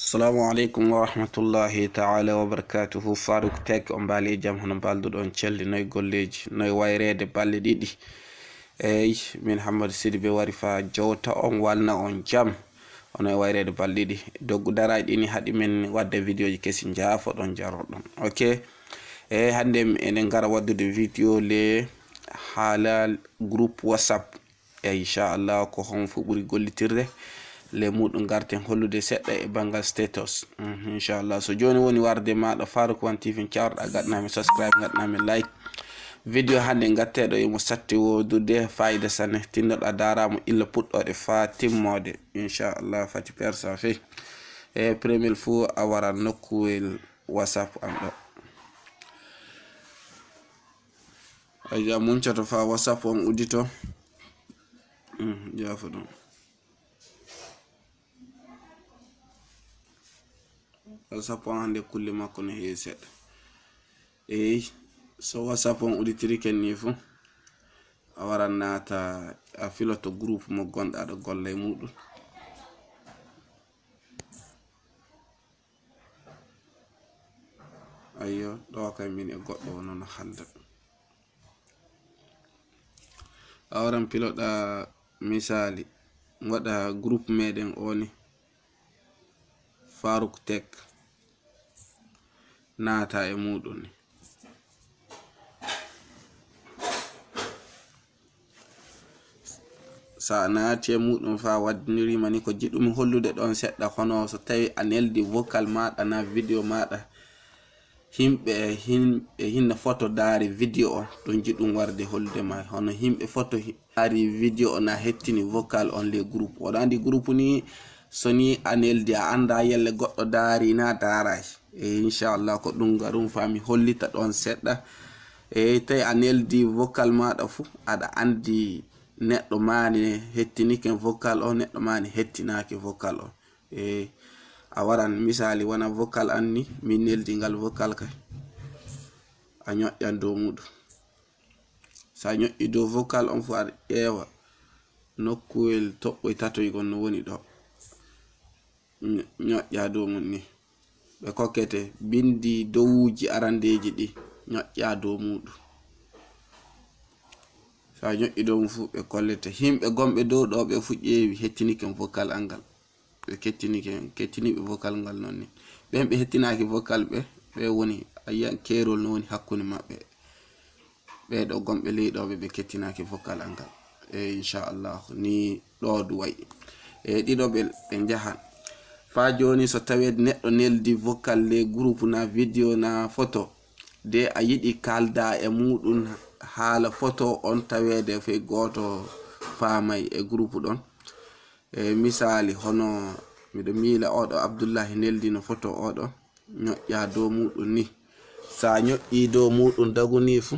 assalamu aleykum wa rahmatullahi taala wabarakatuhu farouk tek o mbaali jaam hono mbalduɗon celli noye golleji noye wayrede balle ɗiɗi eyyi min hammadou sidi be wari fa jowta on walna on jaam onoye wayrede balle ɗiɗi doggu daraji ɗini haaɗi min wadde vidéo ji keesi jaafo ɗon jaroɗon ok eyyi hannde enen gara waddude vidéo le haalal groupe whatsapp inchallah ko hon fo ɓuuri gollitirde le muɗum garten hollude seɗɗa e bangal status mhm, inchallah so joni woni warde maɗa faruk wan tifin cawrɗa gaɗanami subscribe gaɗanami like vidéo hande gatteɗo emo satti wodude fayida sanne tinnoɗa daramo illa puɗɗoɗe fa timmode inchallah fati persa fe e premier fo a wara nokkuwel whatsapp an ɗo aja muncoto fa whatsapp on uddito mhm, jafo ɗum mm, sappo hande kulle makko no heewi seɗɗa eyi so wa sappo on auditri ken ni fuu a wara naata a filoto groupe mo gonɗa ɗo golla e muɗum ayyo ɗo kay min e goɗɗo onono hande a waran piloɗa misali waɗa groupe meɗen oni faruk tek naata e muɗum sa a naati e muɗum fa waddinirima ni ko jiɗum hollude ɗon seɗɗa hono so tawi a neldi vocal maɗa na video maɗa himɓe himɓe hinna photo daari video on ɗum jiɗum warde hollude ma hono himɓe photo daari video on a hettini vocal on le groupe oɗo andi groupe ni so ni a neldi a anda yelle goɗɗo daari na daaray e inchallah ko ɗum ga ɗum fami hollita ɗon seɗɗa e ey tawi a neldi vocal maɗa fuu aɗa andi neɗɗo mani hettiniken vocal o neɗɗo mani hettinaki vocal o ey a waran misali wona vocal an ni min neldi ngal vocal kay a ñoƴƴan dow muɗum so a ñoƴƴi dow vocal on fuu aɗa ƴeewa nokkuwel toɓɓoy tatoygon no woni ɗo ñoƴƴa dow mum ni ɓe kokkete bindi dowuji arandeji ɗi ñoƴƴa dow muɗum so a ñoƴƴi dow mum fu ɓe kollete himɓe gomɓe dow ɗo ɓe fu ƴeewi hettinikem vocal al ngal ɓe kettinike kettiniɓe vocal ngal noon ni ɓen ɓe hettinaaki vocal ɓe ɓe woni aya keerol no woni hakkunde maɓɓe ɓeɗo gomɓe leyɗoɓe ɓe kettinaaki vocal al ngal e inchallahu ni ɗo du wayi eyi ɗiɗo ɓe ɓe njahan fa joni so tawi neɗɗo neldi vocal le groupe na vidéo na photo de a yiɗi kalda e muɗum haala photo on tawede fe goto faamay e groupe ɗon e misali hono miɗo miila oɗo abdoullahi neldi no photo oɗo ñoƴƴa dow muɗum ni sa ñoƴƴi dow muɗum daguni fu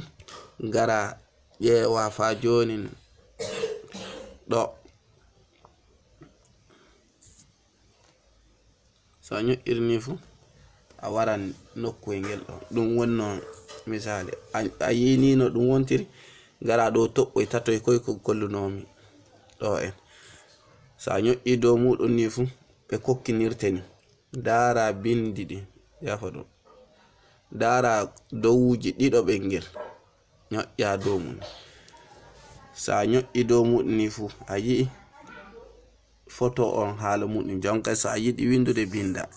gara ƴeewa fa joni ɗo so a ño'irni fu a waran nokkuye ngel ɗo ɗum wonno misali a yinino ɗum wontiri ngara ɗo toɓɓoy tatoy koy ko gollunomi ɗo en so a ño'i dow muɗum ni fu ɓe kokkinirte ni dara bindi ɗi yafo ɗum dara dowuji ɗiɗo ɓengel ño'a dow mum so a ño'i dow muɗum ni fu a yii photo on haala muɗum jonka so a yiɗi windude binda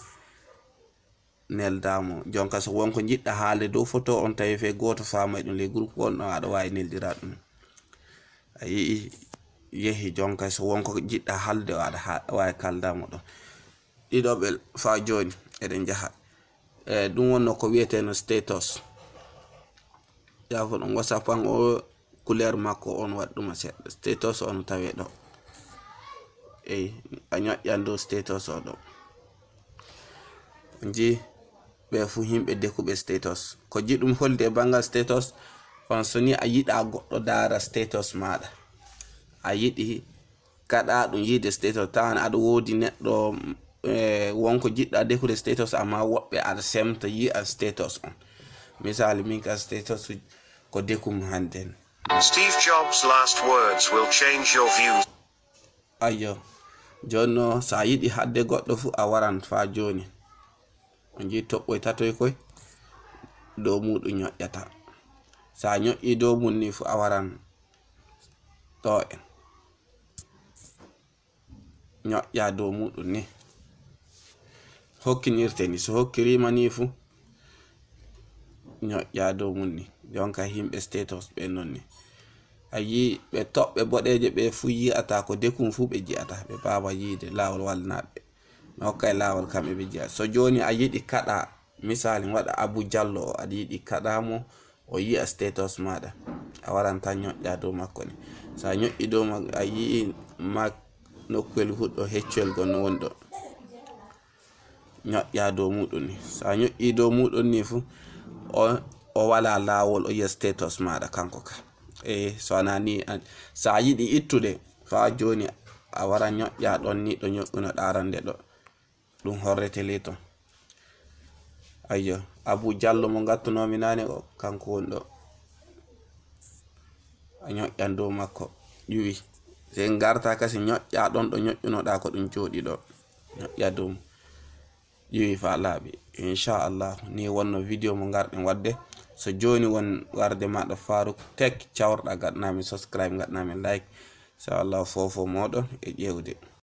neldamo jonka so wonko jiɗɗa haale dow photo on tawi fe goto famay ɗum ley groupe gonɗon aɗa wawi neldira ɗum a yii yehi jonka so wonko jiɗɗa halde aɗa wawi kaldamo ɗon ɗiɗoɓel fa joni eɗen jaaha e ɗum wonno ko wiyeteno status yafo ɗon wasapan o couleur makko on waɗɗuma seɗɗa status on tawe ɗo eyi a ñoƴƴan dow status oɗo ji ɓe fu himɓe dekuɓe status ko ji ɗum hollide bangal status on soni a yiɗa goɗɗo dara status maɗa a yiɗi gaɗa ɗum yiide status tawan aɗa wodi neɗɗo eh, wonko jiɗɗa dekude status amma woɓɓe aɗa semta yi'a status on misali min ka status ko dekum handen steve jobs last words will change your views ayo uh, yeah. jonno sa yiɗi hadde goɗɗo fu a waran fa joni o ji toɓɓoy tatoy koy dow muɗum ñoƴƴata sa ñoƴƴi dow mum ni fu a waran ɗo en ñoƴƴa dow muɗum ni hokkinirte ni so hokkirima ni fu ñoƴƴa dow mum ni jonka himɓe status ɓe non ni a yi ɓe toɓɓe boɗeje ɓe fu yi'ata ko dekum fu ɓe ji'ata ɓe bawa yiide lawol walnaɓe mi hokkay lawol kamɓe ɓe jiya so joni a yiɗi kaɗa misali waɗa abou diallo o aɗa yiɗi kaɗamo o yi'a status maɗa a waran tan ñoƴƴa dow makko ni so a ñoƴƴi dow ma a yii ma nokkuel huɗɗo heccuel gonno woni ɗo ñoƴƴa dow muɗum ni so a ñoƴƴi dow muɗum ni fu o o wala lawol o yi'a status maɗa kanko ka e so a nani so a yiɗi ittude fa joni a wara ñoƴƴa ɗon ni ɗo ñoƴƴuno ɗarande ɗo ɗum horrete ley ton ayo abou diallo mo gattunomi nani o kanko woni ɗo a ñoƴƴan dow makko ƴuwi se garta kasi ñoƴƴa ɗon ɗo ñoƴƴunoɗa ko ɗum jooɗi ɗo ñoƴƴa dum ƴiwi fa laaɓi inchallahu ni wonno vidéo mo garɗen wadde so joni won warde maɗa faruk tek cawrɗa gaɗanami subscribe gaɗanami like sa allah fofo moɗon e ƴewde